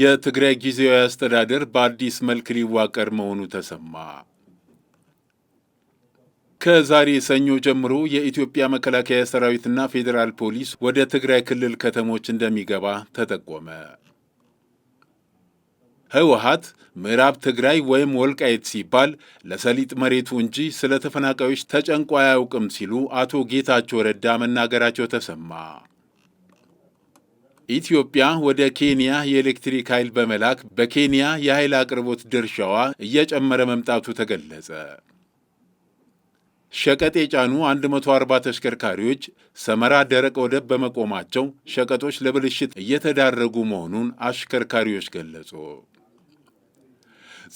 የትግራይ ጊዜያዊ አስተዳደር በአዲስ መልክ ሊዋቀር መሆኑ ተሰማ። ከዛሬ ሰኞ ጀምሮ የኢትዮጵያ መከላከያ ሰራዊትና ፌዴራል ፖሊስ ወደ ትግራይ ክልል ከተሞች እንደሚገባ ተጠቆመ። ህወሀት ምዕራብ ትግራይ ወይም ወልቃይት ሲባል ለሰሊጥ መሬቱ እንጂ ስለ ተፈናቃዮች ተጨንቆ አያውቅም ሲሉ አቶ ጌታቸው ረዳ መናገራቸው ተሰማ። ኢትዮጵያ ወደ ኬንያ የኤሌክትሪክ ኃይል በመላክ በኬንያ የኃይል አቅርቦት ድርሻዋ እየጨመረ መምጣቱ ተገለጸ። ሸቀጥ የጫኑ 140 ተሽከርካሪዎች ሰመራ ደረቅ ወደብ በመቆማቸው ሸቀጦች ለብልሽት እየተዳረጉ መሆኑን አሽከርካሪዎች ገለጹ።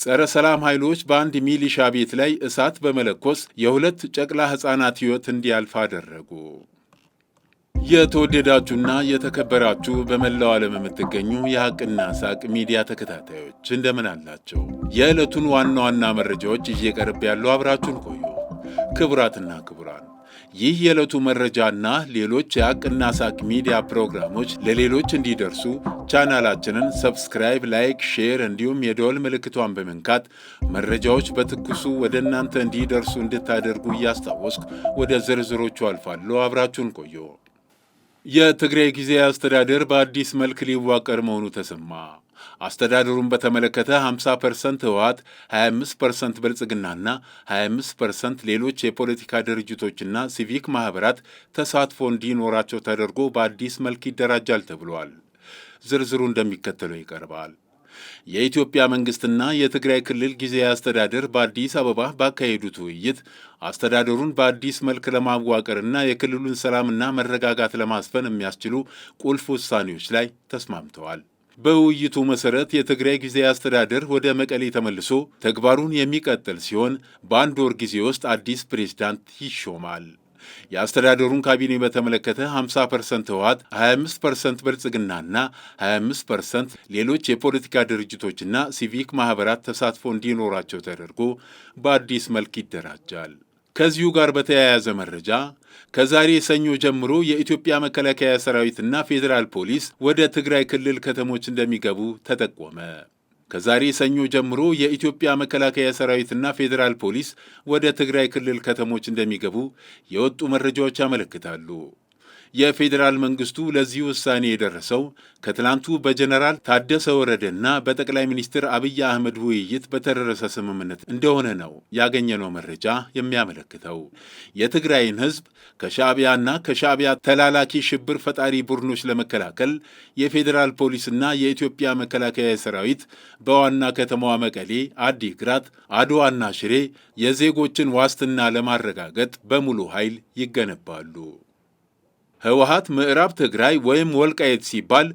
ጸረ ሰላም ኃይሎች በአንድ ሚሊሻ ቤት ላይ እሳት በመለኮስ የሁለት ጨቅላ ሕፃናት ሕይወት እንዲያልፍ አደረጉ። የተወደዳችሁና የተከበራችሁ በመላው ዓለም የምትገኙ የሐቅና ሳቅ ሚዲያ ተከታታዮች እንደምን አላቸው? የዕለቱን ዋና ዋና መረጃዎች እየቀርብ ያሉ አብራችሁን ቆዩ። ክቡራትና ክቡራን ይህ የዕለቱ መረጃና ሌሎች የሐቅና ሳቅ ሚዲያ ፕሮግራሞች ለሌሎች እንዲደርሱ ቻናላችንን ሰብስክራይብ፣ ላይክ፣ ሼር እንዲሁም የደወል ምልክቷን በመንካት መረጃዎች በትኩሱ ወደ እናንተ እንዲደርሱ እንድታደርጉ እያስታወስኩ ወደ ዝርዝሮቹ አልፋለሁ። አብራችሁን ቆዩ። የትግራይ ጊዜያዊ አስተዳደር በአዲስ መልክ ሊዋቀር መሆኑ ተሰማ። አስተዳደሩን በተመለከተ 50 ፐርሰንት ህወሓት፣ 25 ፐርሰንት ብልጽግናና 25 ፐርሰንት ሌሎች የፖለቲካ ድርጅቶችና ሲቪክ ማኅበራት ተሳትፎ እንዲኖራቸው ተደርጎ በአዲስ መልክ ይደራጃል ተብሏል። ዝርዝሩ እንደሚከተለው ይቀርባል። የኢትዮጵያ መንግስትና የትግራይ ክልል ጊዜያዊ አስተዳደር በአዲስ አበባ ባካሄዱት ውይይት አስተዳደሩን በአዲስ መልክ ለማዋቀርና የክልሉን ሰላምና መረጋጋት ለማስፈን የሚያስችሉ ቁልፍ ውሳኔዎች ላይ ተስማምተዋል። በውይይቱ መሰረት የትግራይ ጊዜያዊ አስተዳደር ወደ መቀሌ ተመልሶ ተግባሩን የሚቀጥል ሲሆን በአንድ ወር ጊዜ ውስጥ አዲስ ፕሬዝዳንት ይሾማል። የአስተዳደሩን ካቢኔ በተመለከተ 50 ፐርሰንት ህወሓት፣ 25 ፐርሰንት ብልጽግናና 25 ፐርሰንት ሌሎች የፖለቲካ ድርጅቶችና ሲቪክ ማህበራት ተሳትፎ እንዲኖራቸው ተደርጎ በአዲስ መልክ ይደራጃል። ከዚሁ ጋር በተያያዘ መረጃ ከዛሬ ሰኞ ጀምሮ የኢትዮጵያ መከላከያ ሰራዊትና ፌዴራል ፖሊስ ወደ ትግራይ ክልል ከተሞች እንደሚገቡ ተጠቆመ። ከዛሬ ሰኞ ጀምሮ የኢትዮጵያ መከላከያ ሰራዊትና ፌዴራል ፖሊስ ወደ ትግራይ ክልል ከተሞች እንደሚገቡ የወጡ መረጃዎች ያመለክታሉ። የፌዴራል መንግስቱ ለዚህ ውሳኔ የደረሰው ከትላንቱ በጀነራል ታደሰ ወረደና በጠቅላይ ሚኒስትር አብይ አህመድ ውይይት በተደረሰ ስምምነት እንደሆነ ነው ያገኘነው መረጃ የሚያመለክተው። የትግራይን ህዝብ ከሻዕቢያና ከሻዕቢያ ተላላኪ ሽብር ፈጣሪ ቡድኖች ለመከላከል የፌዴራል ፖሊስና የኢትዮጵያ መከላከያ ሰራዊት በዋና ከተማዋ መቀሌ፣ አዲግራት፣ አድዋና ሽሬ የዜጎችን ዋስትና ለማረጋገጥ በሙሉ ኃይል ይገነባሉ። ህወሀት ምዕራብ ትግራይ ወይም ወልቃየት ሲባል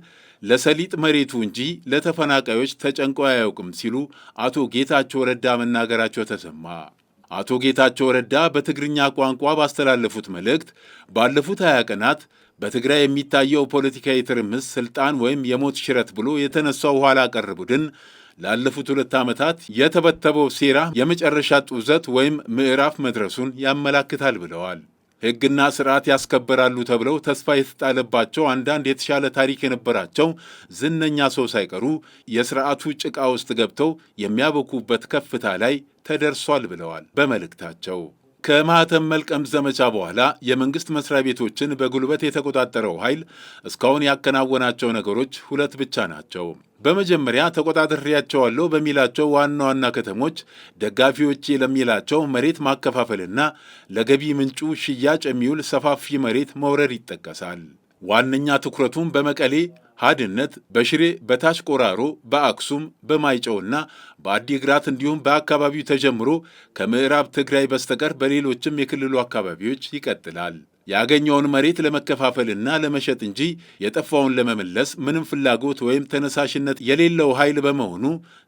ለሰሊጥ መሬቱ እንጂ ለተፈናቃዮች ተጨንቆ አያውቅም ሲሉ አቶ ጌታቸው ረዳ መናገራቸው ተሰማ። አቶ ጌታቸው ረዳ በትግርኛ ቋንቋ ባስተላለፉት መልእክት ባለፉት ሀያ ቀናት በትግራይ የሚታየው ፖለቲካዊ ትርምስ ስልጣን ወይም የሞት ሽረት ብሎ የተነሳው ኋላ ቀር ቡድን ላለፉት ሁለት ዓመታት የተበተበው ሴራ የመጨረሻ ጡዘት ወይም ምዕራፍ መድረሱን ያመላክታል ብለዋል። ሕግና ስርዓት ያስከበራሉ ተብለው ተስፋ የተጣለባቸው አንዳንድ የተሻለ ታሪክ የነበራቸው ዝነኛ ሰው ሳይቀሩ የስርዓቱ ጭቃ ውስጥ ገብተው የሚያበኩበት ከፍታ ላይ ተደርሷል ብለዋል በመልእክታቸው። ከማህተም መልቀም ዘመቻ በኋላ የመንግስት መስሪያ ቤቶችን በጉልበት የተቆጣጠረው ኃይል እስካሁን ያከናወናቸው ነገሮች ሁለት ብቻ ናቸው። በመጀመሪያ ተቆጣጥሬያቸዋለሁ በሚላቸው ዋና ዋና ከተሞች ደጋፊዎቼ ለሚላቸው መሬት ማከፋፈልና ለገቢ ምንጩ ሽያጭ የሚውል ሰፋፊ መሬት መውረድ ይጠቀሳል። ዋነኛ ትኩረቱም በመቀሌ ሀድነት፣ በሽሬ፣ በታች ቆራሮ፣ በአክሱም፣ በማይጨውና በአዲግራት እንዲሁም በአካባቢው ተጀምሮ ከምዕራብ ትግራይ በስተቀር በሌሎችም የክልሉ አካባቢዎች ይቀጥላል። ያገኘውን መሬት ለመከፋፈልና ለመሸጥ እንጂ የጠፋውን ለመመለስ ምንም ፍላጎት ወይም ተነሳሽነት የሌለው ኃይል በመሆኑ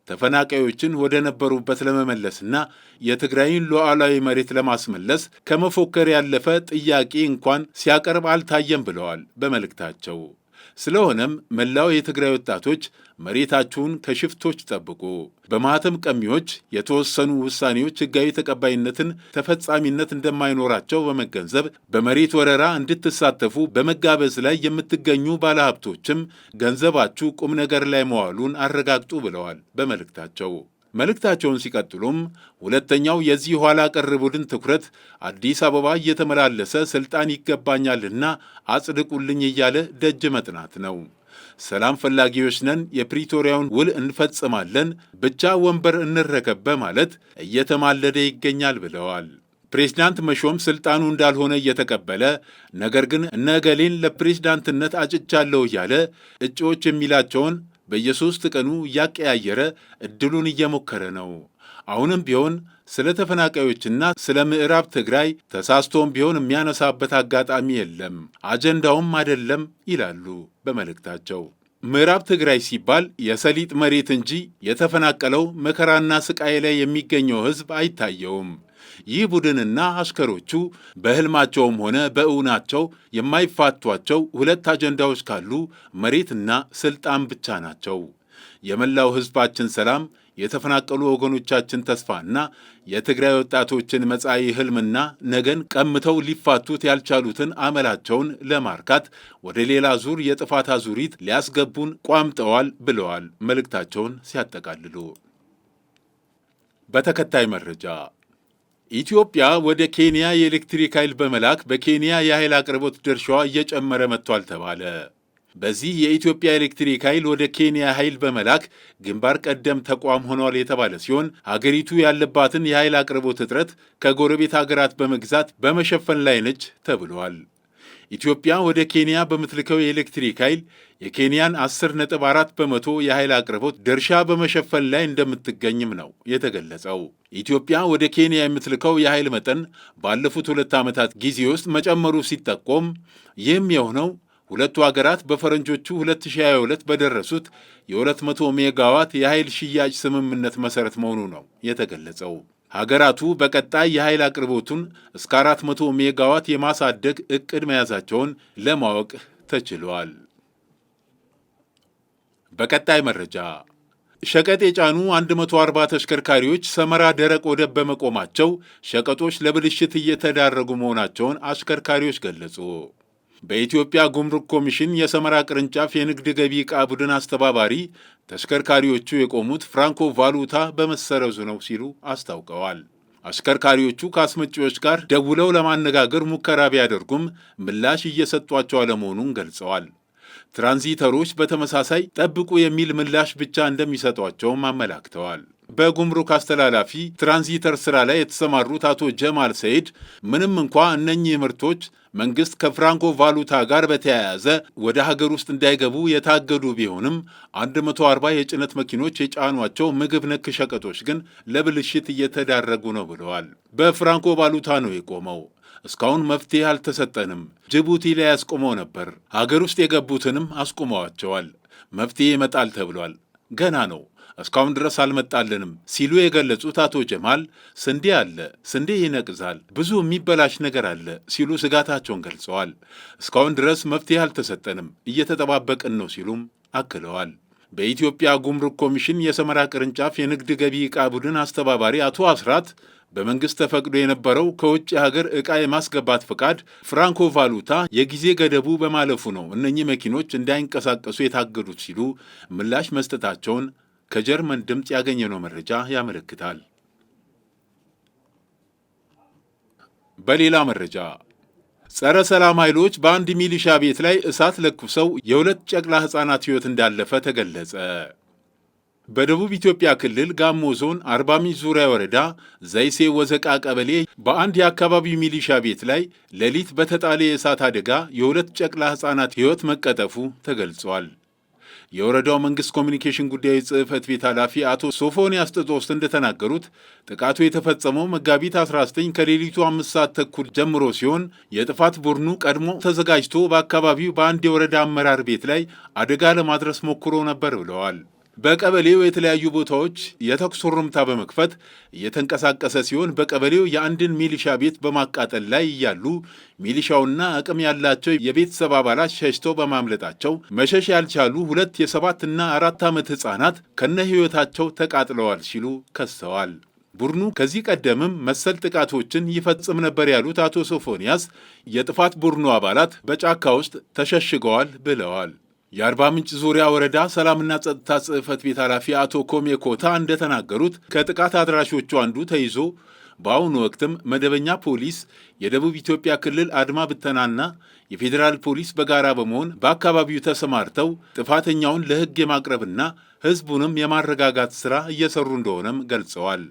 ተፈናቃዮችን ወደ ነበሩበት ለመመለስና የትግራይን ሉዓላዊ መሬት ለማስመለስ ከመፎከር ያለፈ ጥያቄ እንኳን ሲያቀርብ አልታየም ብለዋል በመልእክታቸው። ስለሆነም መላው የትግራይ ወጣቶች መሬታችሁን ከሽፍቶች ጠብቁ። በማኅተም ቀሚዎች የተወሰኑ ውሳኔዎች ሕጋዊ ተቀባይነትን፣ ተፈጻሚነት እንደማይኖራቸው በመገንዘብ በመሬት ወረራ እንድትሳተፉ በመጋበዝ ላይ የምትገኙ ባለሀብቶችም ገንዘባችሁ ቁም ነገር ላይ መዋሉን አረጋግጡ ብለዋል በመልእክታቸው። መልእክታቸውን ሲቀጥሉም ሁለተኛው የዚህ ኋላ ቀር ቡድን ትኩረት አዲስ አበባ እየተመላለሰ ስልጣን ይገባኛልና አጽድቁልኝ እያለ ደጅ መጥናት ነው። ሰላም ፈላጊዎች ነን፣ የፕሪቶሪያውን ውል እንፈጽማለን፣ ብቻ ወንበር እንረከበ ማለት እየተማለደ ይገኛል ብለዋል። ፕሬዝዳንት መሾም ስልጣኑ እንዳልሆነ እየተቀበለ ነገር ግን እነ እገሌን ለፕሬዝዳንትነት አጭቻለሁ እያለ እጩዎች የሚላቸውን በየሦስት ቀኑ እያቀያየረ ዕድሉን እየሞከረ ነው። አሁንም ቢሆን ስለ ተፈናቃዮችና ስለ ምዕራብ ትግራይ ተሳስቶም ቢሆን የሚያነሳበት አጋጣሚ የለም፣ አጀንዳውም አይደለም ይላሉ በመልእክታቸው። ምዕራብ ትግራይ ሲባል የሰሊጥ መሬት እንጂ የተፈናቀለው መከራና ስቃይ ላይ የሚገኘው ሕዝብ አይታየውም። ይህ ቡድንና አሽከሮቹ በህልማቸውም ሆነ በእውናቸው የማይፋቷቸው ሁለት አጀንዳዎች ካሉ መሬትና ስልጣን ብቻ ናቸው። የመላው ህዝባችን ሰላም፣ የተፈናቀሉ ወገኖቻችን ተስፋና የትግራይ ወጣቶችን መጻኢ ህልምና ነገን ቀምተው ሊፋቱት ያልቻሉትን አመላቸውን ለማርካት ወደ ሌላ ዙር የጥፋት አዙሪት ሊያስገቡን ቋምጠዋል ብለዋል መልእክታቸውን ሲያጠቃልሉ። በተከታይ መረጃ ኢትዮጵያ ወደ ኬንያ የኤሌክትሪክ ኃይል በመላክ በኬንያ የኃይል አቅርቦት ድርሻዋ እየጨመረ መጥቷል ተባለ። በዚህ የኢትዮጵያ ኤሌክትሪክ ኃይል ወደ ኬንያ ኃይል በመላክ ግንባር ቀደም ተቋም ሆኗል የተባለ ሲሆን አገሪቱ ያለባትን የኃይል አቅርቦት እጥረት ከጎረቤት ሀገራት በመግዛት በመሸፈን ላይ ነች ተብሏል። ኢትዮጵያ ወደ ኬንያ በምትልከው የኤሌክትሪክ ኃይል የኬንያን ነጥ4 በመቶ የኃይል አቅርቦት ድርሻ በመሸፈን ላይ እንደምትገኝም ነው የተገለጸው። ኢትዮጵያ ወደ ኬንያ የምትልከው የኃይል መጠን ባለፉት ሁለት ዓመታት ጊዜ ውስጥ መጨመሩ ሲጠቆም ይህም የሆነው ሁለቱ አገራት በፈረንጆቹ 2022 በደረሱት የ200 ሜጋዋት የኃይል ሽያጭ ስምምነት መሠረት መሆኑ ነው የተገለጸው። ሀገራቱ በቀጣይ የኃይል አቅርቦቱን እስከ 400 ሜጋዋት የማሳደግ እቅድ መያዛቸውን ለማወቅ ተችሏል። በቀጣይ መረጃ ሸቀጥ የጫኑ 140 ተሽከርካሪዎች ሰመራ ደረቅ ወደብ በመቆማቸው ሸቀጦች ለብልሽት እየተዳረጉ መሆናቸውን አሽከርካሪዎች ገለጹ። በኢትዮጵያ ጉምሩክ ኮሚሽን የሰመራ ቅርንጫፍ የንግድ ገቢ ዕቃ ቡድን አስተባባሪ ተሽከርካሪዎቹ የቆሙት ፍራንኮ ቫሉታ በመሰረዙ ነው ሲሉ አስታውቀዋል። አሽከርካሪዎቹ ከአስመጪዎች ጋር ደውለው ለማነጋገር ሙከራ ቢያደርጉም ምላሽ እየሰጧቸው አለመሆኑን ገልጸዋል። ትራንዚተሮች በተመሳሳይ ጠብቁ የሚል ምላሽ ብቻ እንደሚሰጧቸውም አመላክተዋል። በጉምሩክ አስተላላፊ ትራንዚተር ስራ ላይ የተሰማሩት አቶ ጀማል ሰይድ ምንም እንኳ እነኚህ ምርቶች መንግስት ከፍራንኮ ቫሉታ ጋር በተያያዘ ወደ ሀገር ውስጥ እንዳይገቡ የታገዱ ቢሆንም 140 የጭነት መኪኖች የጫኗቸው ምግብ ነክ ሸቀጦች ግን ለብልሽት እየተዳረጉ ነው ብለዋል። በፍራንኮ ቫሉታ ነው የቆመው። እስካሁን መፍትሄ አልተሰጠንም። ጅቡቲ ላይ አስቆመው ነበር። ሀገር ውስጥ የገቡትንም አስቁመዋቸዋል። መፍትሄ ይመጣል ተብሏል። ገና ነው። እስካሁን ድረስ አልመጣልንም ሲሉ የገለጹት አቶ ጀማል ስንዴ አለ፣ ስንዴ ይነቅዛል፣ ብዙ የሚበላሽ ነገር አለ ሲሉ ስጋታቸውን ገልጸዋል። እስካሁን ድረስ መፍትሄ አልተሰጠንም፣ እየተጠባበቅን ነው ሲሉም አክለዋል። በኢትዮጵያ ጉምሩክ ኮሚሽን የሰመራ ቅርንጫፍ የንግድ ገቢ ዕቃ ቡድን አስተባባሪ አቶ አስራት በመንግሥት ተፈቅዶ የነበረው ከውጭ ሀገር ዕቃ የማስገባት ፍቃድ ፍራንኮ ቫሉታ የጊዜ ገደቡ በማለፉ ነው እነኚህ መኪኖች እንዳይንቀሳቀሱ የታገዱት ሲሉ ምላሽ መስጠታቸውን ከጀርመን ድምፅ ያገኘነው መረጃ ያመለክታል። በሌላ መረጃ ጸረ ሰላም ኃይሎች በአንድ ሚሊሻ ቤት ላይ እሳት ለኩሰው የሁለት ጨቅላ ሕፃናት ሕይወት እንዳለፈ ተገለጸ። በደቡብ ኢትዮጵያ ክልል ጋሞ ዞን አርባ ምንጭ ዙሪያ ወረዳ ዘይሴ ወዘቃ ቀበሌ በአንድ የአካባቢው ሚሊሻ ቤት ላይ ሌሊት በተጣለ የእሳት አደጋ የሁለት ጨቅላ ሕፃናት ሕይወት መቀጠፉ ተገልጿል። የወረዳው መንግስት ኮሚኒኬሽን ጉዳዮች ጽህፈት ቤት ኃላፊ አቶ ሶፎንያስ ጥጦስ እንደተናገሩት ጥቃቱ የተፈጸመው መጋቢት 19 ከሌሊቱ አምስት ሰዓት ተኩል ጀምሮ ሲሆን የጥፋት ቡድኑ ቀድሞ ተዘጋጅቶ በአካባቢው በአንድ የወረዳ አመራር ቤት ላይ አደጋ ለማድረስ ሞክሮ ነበር ብለዋል። በቀበሌው የተለያዩ ቦታዎች የተኩስ ሩምታ በመክፈት እየተንቀሳቀሰ ሲሆን በቀበሌው የአንድን ሚሊሻ ቤት በማቃጠል ላይ እያሉ ሚሊሻውና አቅም ያላቸው የቤተሰብ አባላት ሸሽተው በማምለጣቸው መሸሽ ያልቻሉ ሁለት የሰባትና አራት ዓመት ሕፃናት ከነ ሕይወታቸው ተቃጥለዋል ሲሉ ከሰዋል። ቡድኑ ከዚህ ቀደምም መሰል ጥቃቶችን ይፈጽም ነበር ያሉት አቶ ሶፎንያስ የጥፋት ቡድኑ አባላት በጫካ ውስጥ ተሸሽገዋል ብለዋል። የአርባ ምንጭ ዙሪያ ወረዳ ሰላምና ጸጥታ ጽህፈት ቤት ኃላፊ አቶ ኮሜ ኮታ እንደተናገሩት ከጥቃት አድራሾቹ አንዱ ተይዞ በአሁኑ ወቅትም መደበኛ ፖሊስ፣ የደቡብ ኢትዮጵያ ክልል አድማ ብተናና የፌዴራል ፖሊስ በጋራ በመሆን በአካባቢው ተሰማርተው ጥፋተኛውን ለሕግ የማቅረብና ሕዝቡንም የማረጋጋት ሥራ እየሰሩ እንደሆነም ገልጸዋል።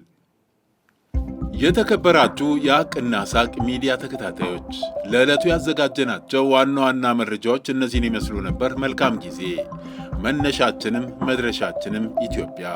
የተከበራችሁ የአቅና ሳቅ ሚዲያ ተከታታዮች ለዕለቱ ያዘጋጀናቸው ዋና ዋና መረጃዎች እነዚህን ይመስሉ ነበር። መልካም ጊዜ። መነሻችንም መድረሻችንም ኢትዮጵያ።